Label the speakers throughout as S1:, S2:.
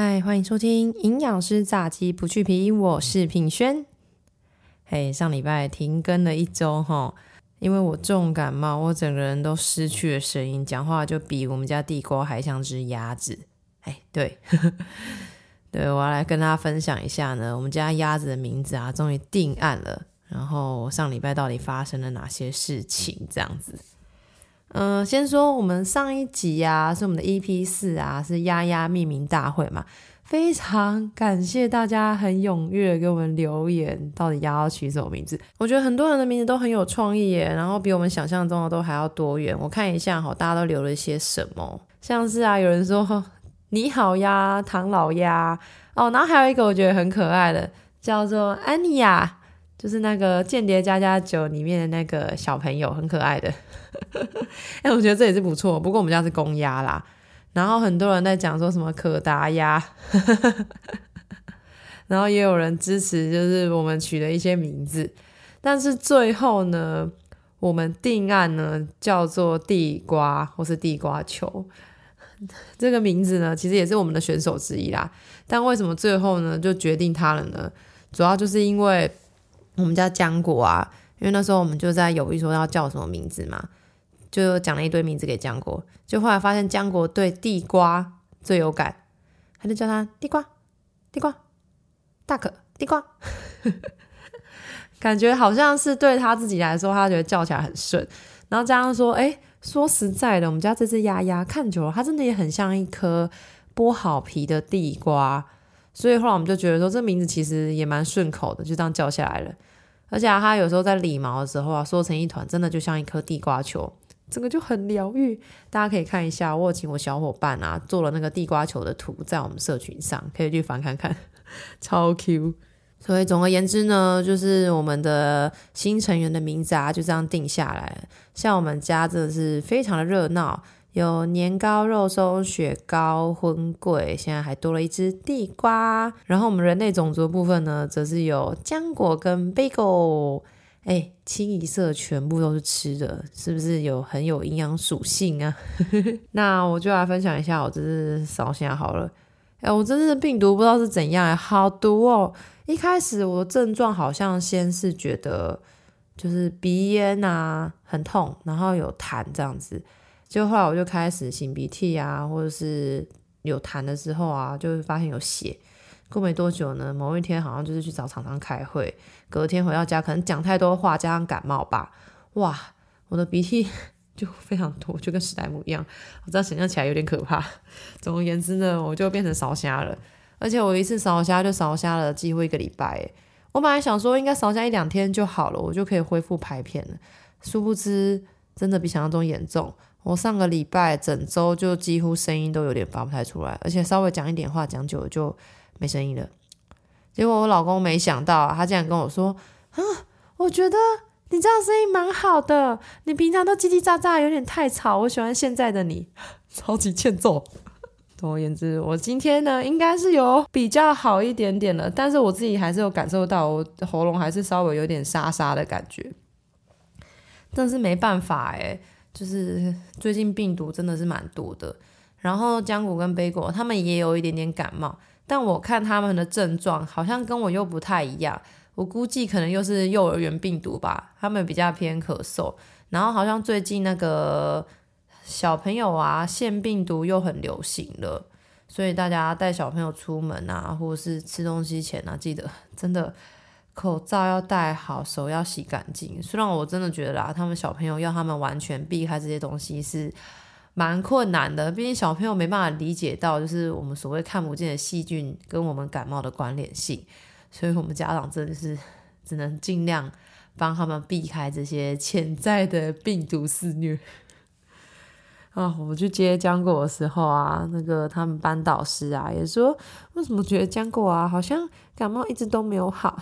S1: 嗨，Hi, 歡迎收聽營養師炸雞不去皮，我是品軒。嘿，hey, 上禮拜停更了一周哈，因為我重感冒，我整個人都失去了聲音，講話就比我們家地瓜還像隻鴨子。哎、hey，對， 對我要來跟大家分享一下呢，我們家鴨子的名字啊，終於定案了。然後上禮拜到底發生了哪些事情？這樣子。嗯、呃，先說我們上一集啊，是我們的 EP 四啊，是鴨鴨命名大會嘛。非常感謝大家很踴躍給我們留言，到底鴨要取什麼名字？我覺得很多人的名字都很有創意耶，然後比我們想象中的都還要多元。我看一下哈，大家都留了些什麼，像是啊，有人說你好呀，唐老鴨哦，然後還有一個我覺得很可愛的叫做安妮鴨、啊。就是那個間諜《間諜家家酒》裡面的那個小朋友，很可愛的。哎、 欸，我覺得這也是不錯。不過我們家是公鴨啦，然後很多人在講說什麼可達鴨， 然後也有人支持，就是我們取了一些名字。但是最後呢，我們定案呢叫做地瓜或是地瓜球。這個名字呢，其實也是我們的選手之一啦。但為什麼最後呢就決定他了呢？主要就是因為，我們家江果啊，因為那時候我們就在猶豫說要叫什麼名字嘛，就講了一堆名字給江果，就後來發現江果對地瓜最有感，他就叫他地瓜，地瓜，大可地瓜， 感覺好像是對他自己來說，他覺得叫起來很順。然後加上說，誒、欸，說實在的，我們家這隻鴨鴨看久了，它真的也很像一顆剝好皮的地瓜。所以後來我們就覺得說，這名字其實也蠻順口的，就這樣叫下來了。而且啊，它有時候在理毛的時候啊，縮成一團，真的就像一顆地瓜球，整個就很療癒。大家可以看一下，我請我小夥伴啊做了那個地瓜球的圖，在我們社群上可以去翻看看， 超 Q。所以總而言之呢，就是我們的新成員的名字啊，就這樣定下來了。像我們家真的是非常的熱鬧。有年糕、肉鬆、雪糕、葷桂，現在還多了一隻地瓜。然後我們人類種族的部分呢，則是有漿果跟貝果，哎，清一色全部都是吃的，是不是有很有營養屬性啊？ 那我就來分享一下我現在、欸，我這次燒聲好了。哎，我真的病毒，不知道是怎樣，哎、欸，好毒哦、喔！一開始我的症狀好像先是覺得就是鼻炎啊，很痛，然後有痰這樣子。就後來我就開始擤鼻涕啊，或者是有痰的時候啊，就發現有血。過沒多久呢，某一天好像就是去找廠商開會，隔天回到家，可能講太多話加上感冒吧，哇，我的鼻涕就非常多，就跟史萊姆一樣，我這樣想象起來有點可怕。總而言之呢，我就變成燒聲了，而且我一次燒聲就燒聲了幾乎一個禮拜。我本來想說應該燒聲一兩天就好了，我就可以恢復排片了，殊不知真的比想象中嚴重。我上個禮拜整周就幾乎聲音都有點發不太出來，而且稍微講一點話講久了就沒聲音了。結果我老公沒想到，啊，他竟然跟我說：“啊，我覺得你這樣聲音蠻好的，你平常都嘰嘰喳喳有點太吵，我喜歡現在的你。”超級欠揍。總 而言之，我今天呢應該是有比較好一點點了，但是我自己還是有感受到，我喉嚨還是稍微有點沙沙的感覺。但是沒辦法哎，欸。就是最近病毒真的是蠻多的，然後薑果跟貝果他們也有一點點感冒，但我看他們的症狀好像跟我又不太一樣，我估計可能又是幼兒園病毒吧，他們比較偏咳嗽，然後好像最近那個小朋友啊腺病毒又很流行了，所以大家帶小朋友出門啊，或者是吃東西前啊，記得真的。口罩要戴好，手要洗乾淨。雖然我真的覺得啊，他們小朋友要他們完全避開這些東西是蠻困難的，畢竟小朋友沒辦法理解到，就是我們所謂看不見的細菌跟我們感冒的關聯性。所以我們家長真的是只能盡量幫他們避開這些潛在的病毒肆虐。啊，我去接江果的時候啊，那個他們班導師啊也說，為什麼覺得江果啊好像感冒一直都沒有好。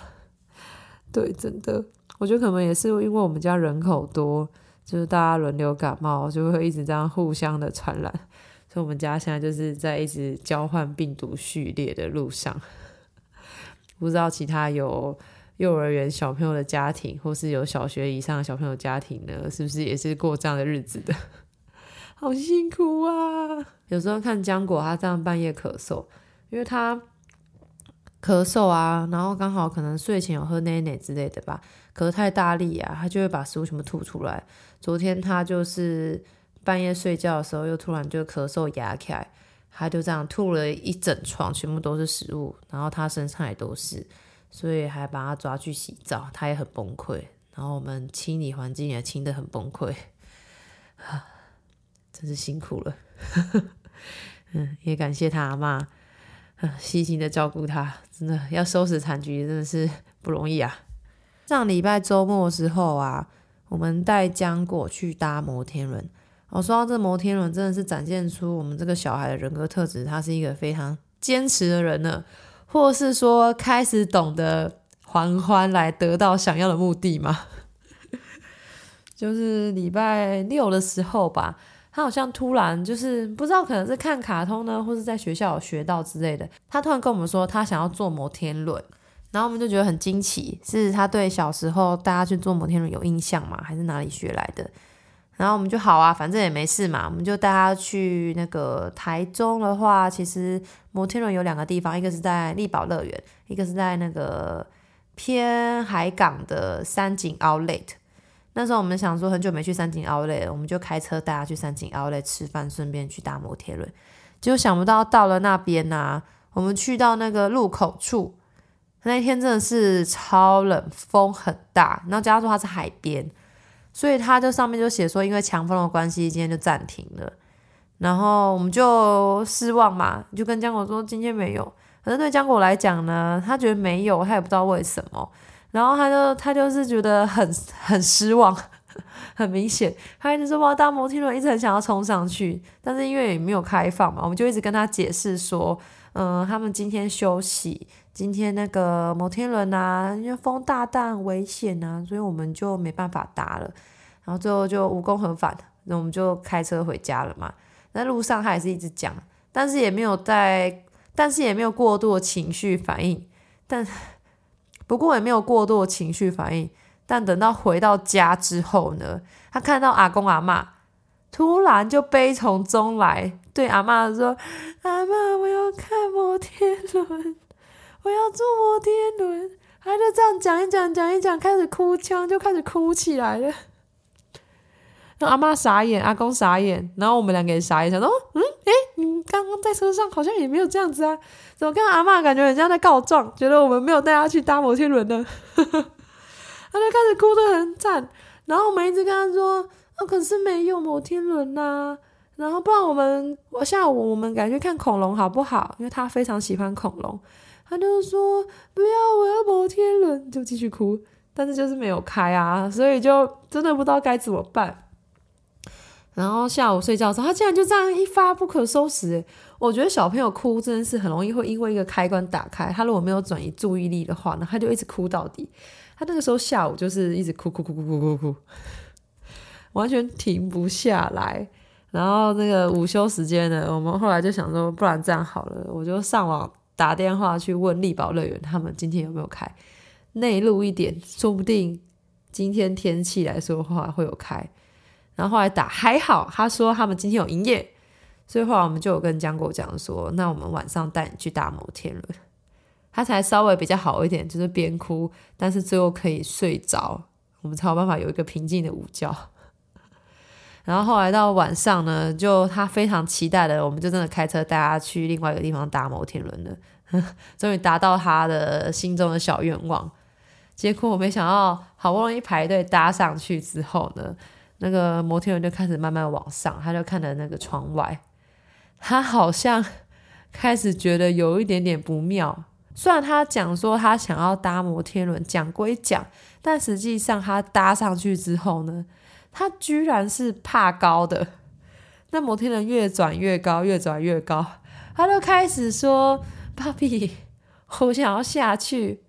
S1: 對，真的，我覺得可能也是因為我們家人口多，就是大家輪流感冒，就會一直這樣互相的傳染，所以我們家現在就是在一直交換病毒序列的路上。不知道其他有幼兒園小朋友的家庭，或是有小學以上的小朋友家庭呢，是不是也是過這樣的日子的？好辛苦啊！有時候看漿果，他這樣半夜咳嗽，因為他。咳嗽啊，然後剛好可能睡前有喝奶奶之類的吧，咳太大力啊，他就會把食物全部吐出來。昨天他就是半夜睡覺的時候，又突然就咳嗽，啞起來，他就這樣吐了一整床，全部都是食物，然後他身上也都是，所以還把他抓去洗澡，他也很崩潰。然後我們清理環境也清得很崩潰，啊，真是辛苦了， 嗯，也感謝他阿嬤。悉心的照顧他，真的要收拾殘局真的是不容易啊！上禮拜周末的時候啊，我們帶漿果去搭摩天輪。我、哦、說到這摩天輪，真的是展現出我們這個小孩的人格特質，他是一個非常堅持的人呢，或者是說開始懂得狂歡來得到想要的目的嗎？就是禮拜六的時候吧。他好像突然就是不知道，可能是看卡通呢，或是在學校有學到之類的。他突然跟我們說他想要坐摩天輪，然後我們就覺得很驚奇，是他對小時候大家去坐摩天輪有印象嗎？還是哪裡學來的？然後我們就好啊，反正也沒事嘛，我們就帶他去那個台中的話，其實摩天輪有兩個地方，一個是在麗寶樂園，一個是在那個偏海港的三井 Outlet。那時候我們想說很久沒去三井奧萊了，我們就開車帶他去三井奧萊吃飯，順便去搭摩天輪。結果想不到到了那邊呢、啊，我們去到那個路口處，那一天真的是超冷，風很大。然後加上說他是海邊，所以他就上面就寫說因為強風的關係，今天就暫停了。然後我們就失望嘛，就跟江果說今天沒有。可是對江果來講呢，他覺得沒有，他也不知道為什麼。然後他就他就是覺得很很失望，很明顯，他一直說我要搭摩天輪一直很想要衝上去，但是因為也沒有開放嘛，我們就一直跟他解釋說，嗯、呃，他們今天休息，今天那個摩天輪啊，因為風大，但危險啊，所以我們就沒辦法搭了。然後最後就無功而返，那我們就開車回家了嘛。那路上他也是一直講，但是也沒有在，但是也沒有過度的情緒反應，但。不過也沒有過度的情緒反應，但等到回到家之後呢，他看到阿公阿嬤，突然就悲從中來，對阿嬤說：“阿嬤，我要看摩天輪，我要坐摩天輪。”他就這樣講一講，講一講，開始哭腔，就開始哭起來了。阿嬤傻眼，阿公傻眼，然後我們兩個也傻眼，想說：嗯，誒，你剛剛在車上好像也沒有這樣子啊？怎麼？剛阿嬤感覺人家在告狀，覺得我們沒有帶他去搭摩天輪呢？呵呵。他就開始哭得很慘，然後我們一直跟他說：啊、哦，可是沒有摩天輪吶、啊！然後不然我們，我下午我們改去看恐龍好不好？因為他非常喜歡恐龍，他就說：不要，我要摩天輪！就繼續哭，但是就是沒有開啊，所以就真的不知道該怎麼辦。然後下午睡覺的時候，他竟然就這樣一發不可收拾。我覺得小朋友哭真的是很容易會因為一個開關打開，他如果沒有轉移注意力的話呢，他就一直哭到底。他那個時候下午就是一直哭哭哭哭哭哭哭，完全停不下來。然後那個午休時間呢，我們後來就想說，不然這樣好了，我就上網打電話去問麗寶樂園，他們今天有沒有開？內陸一點，說不定今天天氣來說的話會有開。然後後來打還好，他說他們今天有營業，所以後來我們就有跟江果講說，那我們晚上帶你去搭摩天輪，他才稍微比較好一點，就是邊哭，但是最後可以睡着，我們才有辦法有一個平靜的午覺。然後後來到晚上呢，就他非常期待的，我們就真的開車帶他去另外一個地方搭摩天輪了， 終於達到他的心中的小願望。結果我沒想到，好不容易排隊搭上去之後呢。那個摩天輪就開始慢慢往上，他就看着那個窗外，他好像開始覺得有一點點不妙。雖然他講說他想要搭摩天輪，講歸講，但實際上他搭上去之後呢，他居然是怕高的。那摩天輪越轉越高，越轉越高，他就開始說：“爸比，我想要下去，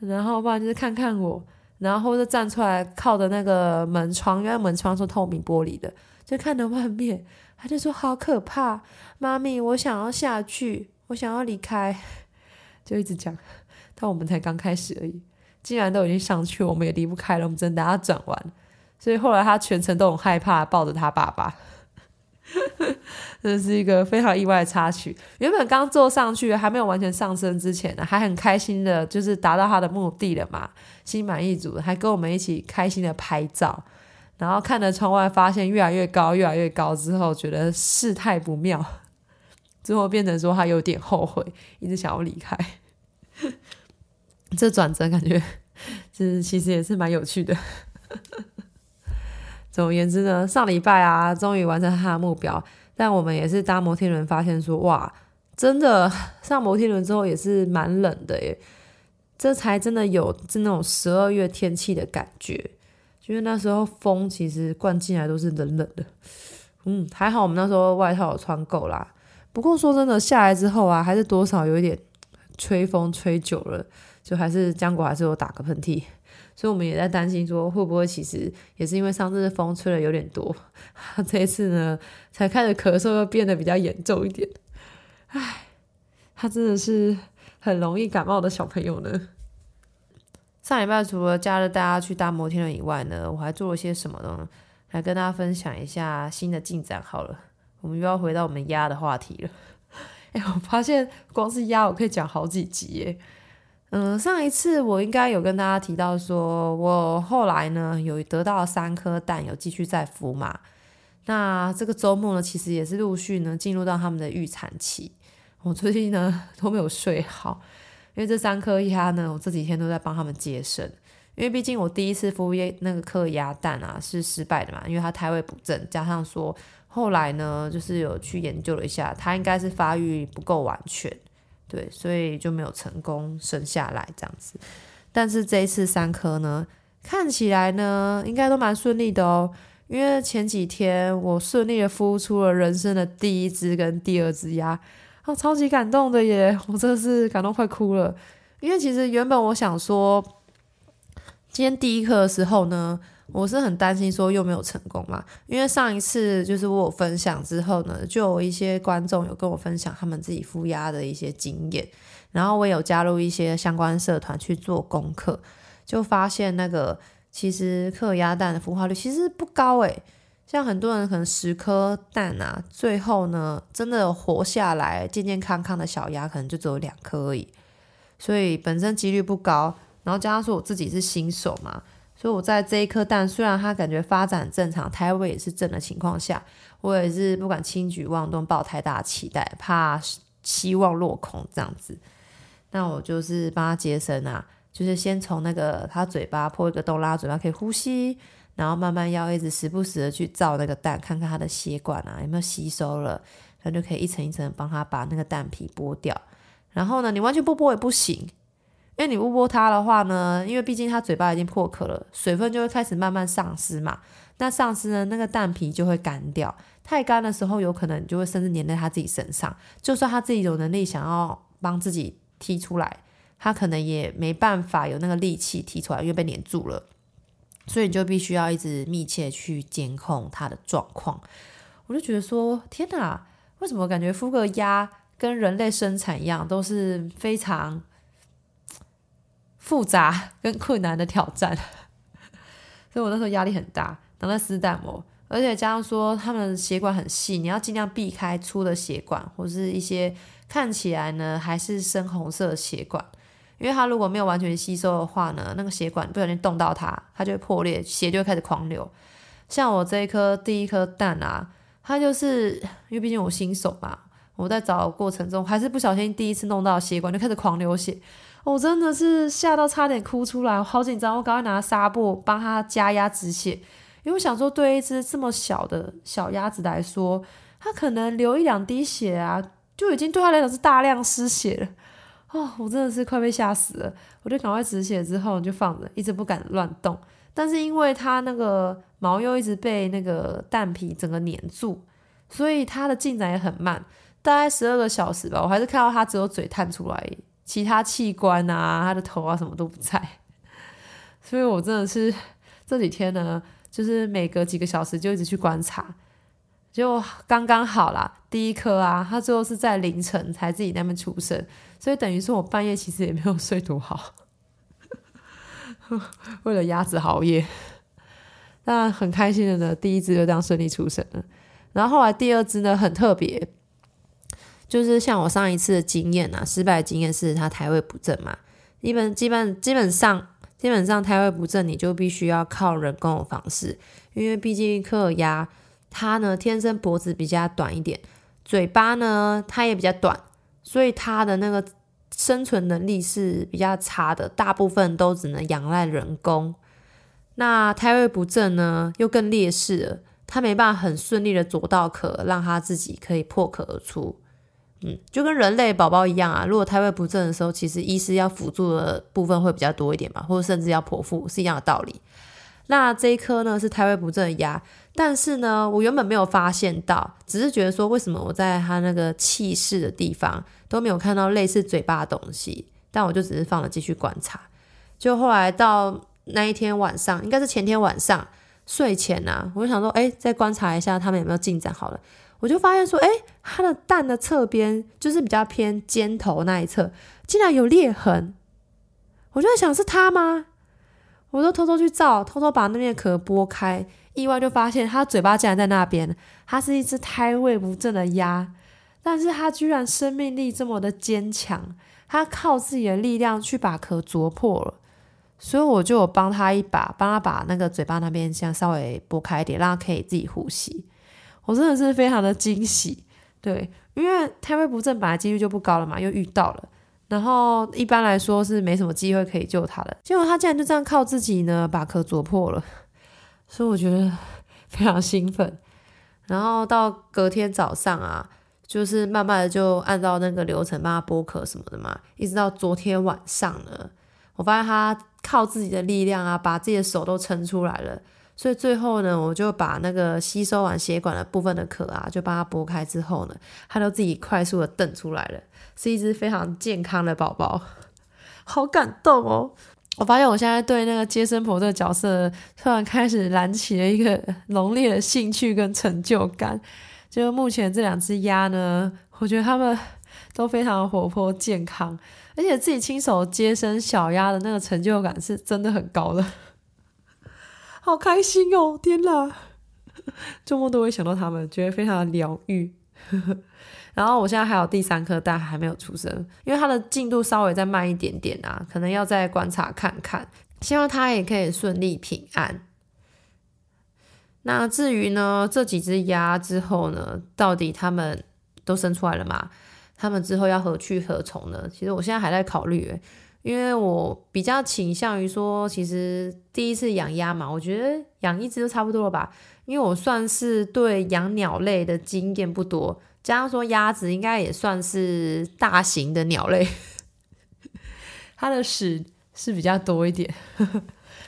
S1: 然後爸爸就是看看我。”然後就站出來，靠着那個門窗，因為門窗是透明玻璃的，就看到外面，他就說好可怕，媽咪，我想要下去，我想要離開，就一直講。但我們才剛開始而已，既然都已經上去，我們也離不開了，我們只能等他轉完。所以後來他全程都很害怕，抱着他爸爸。 這是一個非常意外的插曲。原本剛坐上去，還沒有完全上升之前呢，還很開心的，就是達到他的目的了嘛，心滿意足，還跟我們一起開心的拍照。然後看着窗外，發現越來越高，越來越高之後，覺得事態不妙，最後變成說他有點後悔，一直想要離開。 這轉折感覺，是其實也是蠻有趣的。總言之呢，上禮拜啊，終於完成他的目標。但我們也是搭摩天輪，發現說哇，真的上摩天輪之後也是蠻冷的耶。這才真的有是那種十二月天氣的感覺，因為那時候風其實灌進來都是冷冷的。嗯，還好我們那時候外套有穿夠啦。不過說真的，下來之後啊，還是多少有一點吹風吹久了，就還是姜果還是有打個噴嚏。所以，我們也在擔心，說會不會其實也是因為上次風吹了有點多，這一次呢才開始咳嗽，又變得比較嚴重一點。唉，他真的是很容易感冒的小朋友呢。上禮拜除了假日帶大家去搭摩天輪以外呢，我還做了些什麼呢？來跟大家分享一下新的進展。好了，我們又要回到我們鴨的話題了。哎，我發現光是鴨，我可以講好幾集耶。嗯，上一次我應該有跟大家提到說，說我後來呢有得到三顆蛋，有繼續在孵嘛。那這個周末呢，其實也是陸續呢進入到他們的預產期。我最近呢都沒有睡好，因為這三顆鴨呢，我這幾天都在幫他們接生。因為畢竟我第一次孵那個顆鴨蛋啊是失敗的嘛，因為它胎位不正，加上說後來呢就是有去研究了一下，它應該是發育不夠完全。對，所以就沒有成功生下來這樣子，但是這一次三顆呢，看起來呢應該都蠻順利的哦。因為前幾天我順利的孵出了人生的第一隻跟第二隻鴨，哦，超級感動的耶！我真的是感動快哭了。因為其實原本我想說，今天第一顆的時候呢。我是很擔心說又沒有成功嘛，因為上一次就是我有分享之後呢，就有一些觀眾有跟我分享他們自己孵鴨的一些經驗，然後我有加入一些相關社團去做功課，就發現那個其實克鴨蛋的孵化率其實不高欸，像很多人可能十顆蛋啊，最後呢真的活下來健健康康的小鴨可能就只有兩顆而已，所以本身幾率不高，然後加上說我自己是新手嘛。所以我在這一顆蛋，雖然它感覺發展正常，胎位也是正的情況下，我也是不敢輕舉妄動，抱太大期待，怕希望落空這樣子。那我就是幫他接生啊，就是先從那個他嘴巴破一個洞啦，嘴巴可以呼吸，然後慢慢要一直時不時的去照那個蛋，看看它的血管啊有沒有吸收了，然後就可以一層一層幫他把那個蛋皮剝掉。然後呢，你完全不剝也不行。因為你窩剝它的話呢，因為畢竟它嘴巴已經破殼了，水分就會開始慢慢喪失嘛。那喪失呢，那個蛋皮就會乾掉。太乾的時候，有可能你就會甚至粘在它自己身上。就算它自己有能力想要幫自己踢出來，它可能也沒辦法有那個力氣踢出來，因為被粘住了。所以你就必須要一直密切去監控它的狀況。我就覺得說，天哪，為什麼我感覺孵個鴨跟人類生產一樣都是非常複雜跟困難的挑戰， 所以我那時候壓力很大，然後在撕蛋膜。而且加上說他們血管很細，你要盡量避開粗的血管，或是一些看起來呢還是深紅色的血管，因為它如果沒有完全吸收的話呢，那個血管不小心動到它，它就會破裂，血就會開始狂流。像我這一顆第一顆蛋啊，它就是因為畢竟我新手嘛，我在找過程中還是不小心第一次弄到血管，就開始狂流血。我、哦、真的是嚇到差點哭出來，好緊張，我趕快拿紗布幫他加壓止血，因為我想說對一隻這麼小的小鴨子來說，它可能流一兩滴血啊，就已經對他來講是大量失血了哦，我真的是快被嚇死了，我就趕快止血之後就放着，一直不敢亂動。但是因為它那個毛又一直被那個蛋皮整個粘住，所以它的進展也很慢，大概十二個小時吧，我還是看到它只有嘴探出來。其他器官啊，他的頭啊，什麼都不在，所以我真的是這幾天呢，就是每隔幾個小時就一直去觀察，結果剛剛好啦，第一顆啊，它最後是在凌晨才自己那邊出生，所以等於說我半夜其實也沒有睡多好， 為了鴨子熬夜，但很開心的呢，第一隻就這樣順利出生了，然後後來第二隻呢很特別。就是像我上一次的經驗啊，失敗的經驗是他胎位不正嘛。基本、基本、基本上、基本上胎位不正，你就必須要靠人工的方式，因為畢竟柯爾鴨它呢天生脖子比較短一點，嘴巴呢它也比較短，所以它的那個生存能力是比較差的，大部分都只能仰賴人工。那胎位不正呢，又更劣勢了，他沒辦法很順利的啄到殼，讓他自己可以破殼而出。嗯，就跟人類寶寶一樣啊，如果胎位不正的時候，其實醫師要輔助的部分會比較多一點嘛，或者甚至要剖腹，是一樣的道理。那這一顆呢是胎位不正的鴨，但是呢，我原本沒有發現到，只是覺得說，為什麼我在他那個氣室的地方都沒有看到類似嘴巴的東西，但我就只是放了繼續觀察。就後來到那一天晚上，應該是前天晚上睡前呢、啊，我就想說，哎、欸，再觀察一下他們有沒有進展好了。我就發現說，誒，它的蛋的側邊就是比較偏尖頭那一側，竟然有裂痕。我就在想，是它嗎？我就偷偷去照，偷偷把那面殼剝開，意外就發現它嘴巴竟然在那邊。它是一隻胎位不正的鴨，但是它居然生命力這麼的堅強，它靠自己的力量去把殼啄破了。所以我就有幫它一把，幫它把那個嘴巴那邊先稍微剝開一點，讓它可以自己呼吸。我真的是非常的驚喜，對，因為胎位不正本來幾率就不高了嘛，又遇到了，然後一般來說是沒什麼機會可以救他的，結果他竟然就這樣靠自己呢把殼啄破了，所以我覺得非常興奮。然後到隔天早上啊，就是慢慢的就按照那個流程幫他剝殼什麼的嘛，一直到昨天晚上呢，我發現他靠自己的力量啊，把自己的手都撐出來了。所以最後呢，我就把那個吸收完血管的部分的殼啊，就把它剝開之後呢，它都自己快速的瞪出來了，是一隻非常健康的寶寶，好感動哦！我發現我現在對那個接生婆這個角色，突然開始燃起了一個濃烈的興趣跟成就感。就目前這兩隻鴨呢，我覺得它們都非常活潑健康，而且自己親手接生小鴨的那個成就感是真的很高的。好開心哦！天哪，做 夢都會想到他們，覺得非常的療癒。 然後我現在還有第三顆蛋還沒有出生，因為它的進度稍微再慢一點點啊，可能要再觀察看看，希望它也可以順利平安。那至於呢，這幾隻鴨之後呢，到底他們都生出來了嗎？他們之後要何去何從呢？其實我現在還在考慮。因為我比較傾向於說，其實第一次養鴨嘛，我覺得養一隻就差不多了吧。因為我算是對養鳥類的經驗不多，加上說鴨子應該也算是大型的鳥類，它的屎是比較多一點，呵呵，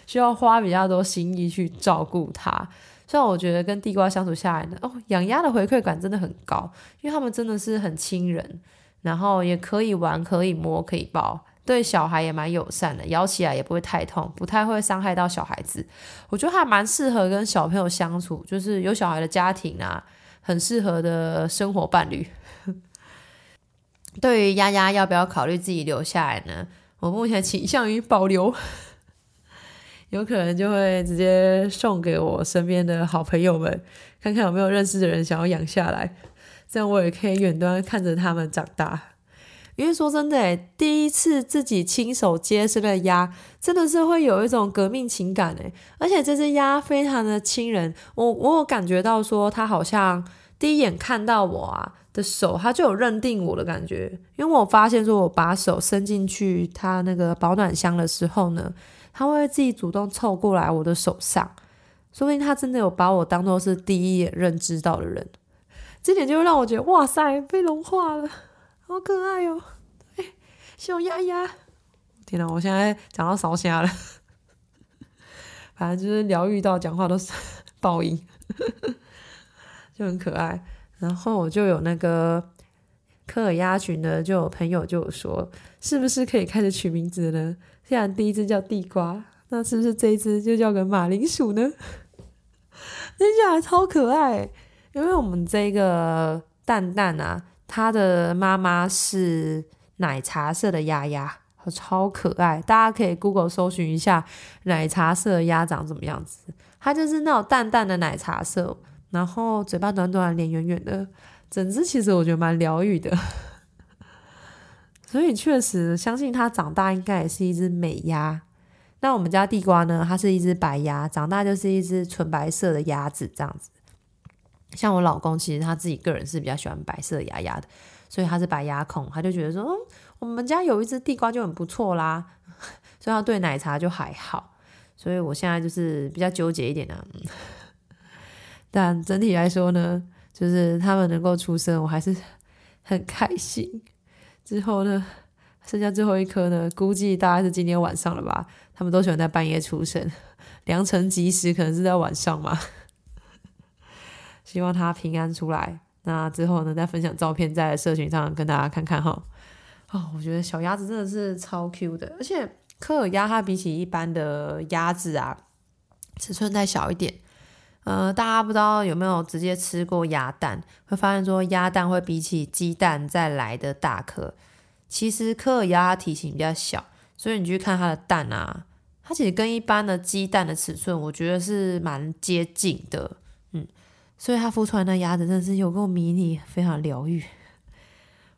S1: 需要花比較多心意去照顧它。雖然我覺得跟地瓜相處下來呢，哦，養鴨的回饋感真的很高，因為它們真的是很親人，然後也可以玩，可以摸，可以抱。對小孩也蠻友善的，咬起來也不會太痛，不太會傷害到小孩子。我覺得還蠻適合跟小朋友相處，就是有小孩的家庭啊，很適合的生活伴侶。對於丫丫要不要考慮自己留下來呢？我目前傾向於保留， 有可能就會直接送給我身邊的好朋友們，看看有沒有認識的人想要養下來，這樣我也可以遠端看着他們長大。因為說真的，誒第一次自己親手接生的鴨，真的是會有一種革命情感，誒而且這只鴨非常的親人，我我有感覺到說，它好像第一眼看到我啊的手，它就有認定我的感覺，因為我發現說，我把手伸進去它那個保暖箱的時候呢，它會自己主動湊過來我的手上，說不定它真的有把我當做是第一眼認知到的人，這點就會讓我覺得，哇塞，被融化了。好可愛哦、喔！哎，小鴨鴨。天吶、啊、我現在講到燒聲了，反正就是療癒到講話都是爆音，就很可愛。然後我就有那個柯爾鴨群的，就有朋友就有說，是不是可以開始取名字呢？既然第一隻叫地瓜，那是不是這一隻就叫個馬鈴薯呢？真的超可愛，欸，因為我們這個蛋蛋啊。它的媽媽是奶茶色的鴨鴨，超可愛，大家可以 Google 搜尋一下奶茶色的鴨長怎麼樣子。它就是那種淡淡的奶茶色，然後嘴巴短短，臉圓圓的，整隻其實我覺得蠻療癒的。所以確實，相信它長大應該也是一隻美鴨。那我們家地瓜呢？它是一隻白鴨，長大就是一隻純白色的鴨子，這樣子。像我老公，其實他自己個人是比較喜歡白色鴨鴨的，所以他是白鴨控，他就覺得說，嗯，我們家有一隻地瓜就很不錯啦。所以他對奶茶就還好，所以我現在就是比較糾結一點呢、啊嗯。但整體來說呢，就是他們能夠出生，我還是很開心。之後呢，剩下最後一顆呢，估計大概是今天晚上了吧。他們都喜歡在半夜出生，良辰吉時可能是在晚上嘛。希望它平安出來。那之後呢，再分享照片在社群上跟大家看看哈。啊、哦，我覺得小鴨子真的是超 Q 的，而且科爾鴨它比起一般的鴨子啊，尺寸再小一點。呃，大家不知道有沒有直接吃過鴨蛋，會發現說鴨蛋會比起雞蛋再來的大顆。其實科爾鴨體型比較小，所以你去看它的蛋啊，它其實跟一般的雞蛋的尺寸，我覺得是蠻接近的。所以他孵出來的鴨子真的是有夠迷你，非常療癒。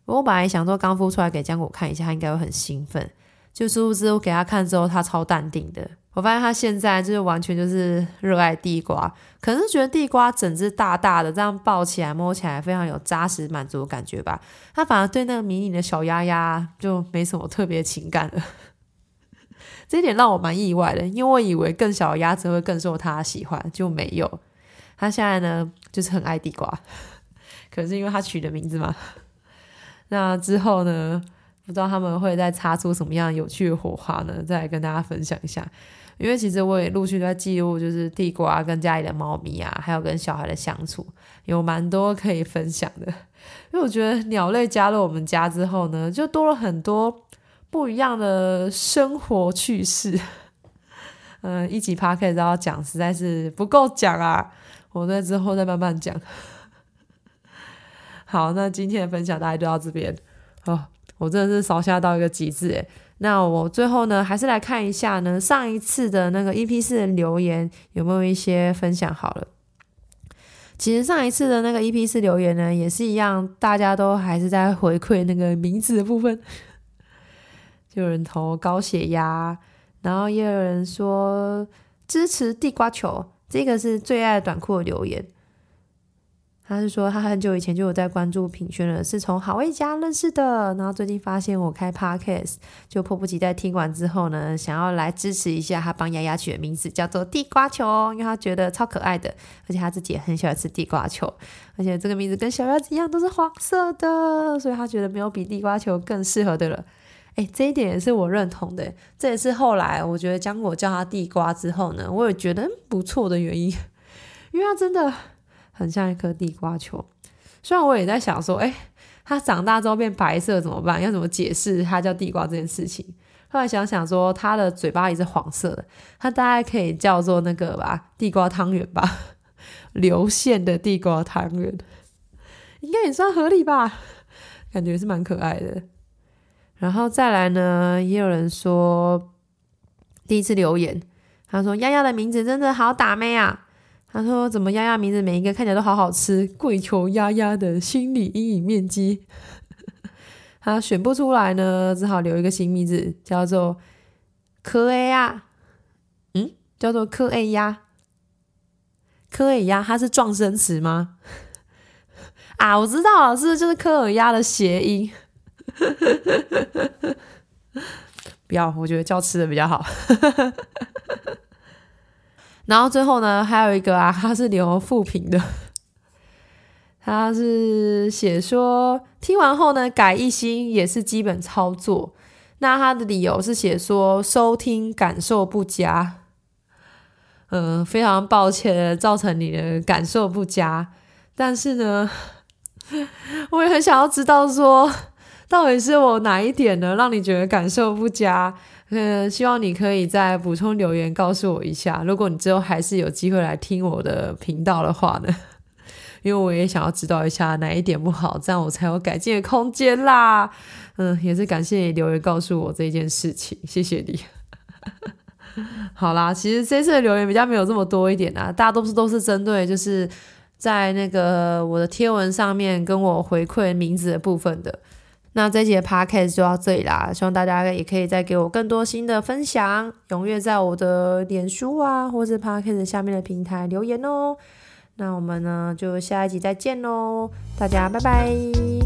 S1: 我本來想說剛孵出來給江果看一下，它應該會很興奮，就殊不知我給他看之後，它超淡定的。我發現它現在就是完全就是熱愛地瓜，可能是覺得地瓜整只大大的這樣抱起來摸起來非常有扎實滿足的感覺吧。它反而對那個迷你的小鴨鴨就沒什麼特別情感了， 這一點讓我蠻意外的，因為我以為更小的鴨子會更受它的喜歡，就沒有。他現在呢，就是很愛地瓜，可是因為他取的名字嘛。那之後呢，不知道他們會再擦出什麼樣有趣的火花呢？再來跟大家分享一下。因為其實我也陸續在記錄，就是地瓜跟家裡的貓咪啊，還有跟小孩的相處，有蠻多可以分享的。因為我覺得鳥類加入我們家之後呢，就多了很多不一樣的生活趣事。嗯，一集趴可以知道都要講，實在是不夠講啊。我在之後再慢慢講。 好，那今天的分享大概就到這邊。哦，我真的是少下到一個極致誒。那我最後呢，還是來看一下呢，上一次的那個 EP 四，留言有沒有一些分享好了。其實上一次的那個 EP 四留言呢，也是一樣，大家都還是在回饋那個名字的部分。就有人投高血壓，然後也有人說支持地瓜球。這個是最愛的短褲的留言，他是說他很久以前就有在關注品軒了，是從好味家認識的，然後最近發現我開 podcast 就迫不及待聽完之後呢，想要來支持一下他，幫鴨鴨取的名字叫做地瓜球，因為他覺得超可愛的，而且他自己也很喜歡吃地瓜球，而且這個名字跟小鴨子一樣都是黃色的，所以他覺得沒有比地瓜球更適合的了。哎、欸，這一點也是我認同的。這也是後來我覺得將我叫它地瓜之後呢，我也覺得不錯的原因，因為它真的很像一顆地瓜球。雖然我也在想說，哎、欸，它長大之後變白色怎麼辦？要怎麼解釋它叫地瓜這件事情？後來想想說，它的嘴巴也是黃色的，它大概可以叫做那個吧，地瓜湯圓吧，流線的地瓜湯圓，應該也算合理吧？感覺是蠻可愛的。然後再來呢，也有人說第一次留言，他說丫丫的名字真的好打咩啊？他說怎麼丫丫名字每一個看起來都好好吃？跪求丫丫的心理陰影面積。他 選不出來呢，只好留一個新名字，叫做柯 A 呀，嗯，叫做柯 A 鴨，柯 A 鴨，它是狀聲詞嗎？ 啊，我知道了，是不是就是柯爾鴨的諧音。 不要，我覺得叫吃的比較好。 然後最後呢，還有一個啊，他是留負評的，他是寫說聽完後呢，改一星也是基本操作。那他的理由是寫說收聽感受不佳。嗯、呃，非常抱歉造成你的感受不佳，但是呢，我也很想要知道說。到底是我哪一點呢，讓你覺得感受不佳？嗯，希望你可以再補充留言告訴我一下。如果你之後還是有機會來聽我的頻道的話呢，因為我也想要知道一下哪一點不好，這樣我才有改進的空間啦。嗯，也是感謝你留言告訴我這件事情，謝謝你。 好啦，其實這次的留言比較沒有這麼多一點啊，大多數都是針對就是在那個我的貼文上面跟我回饋名字的部分的。那這一集的 podcast 就到這裡啦，希望大家也可以再給我更多新的分享，踴躍在我的臉書啊，或是 podcast 下面的平台留言喔。那我們呢就下一集再見嘍，大家拜拜。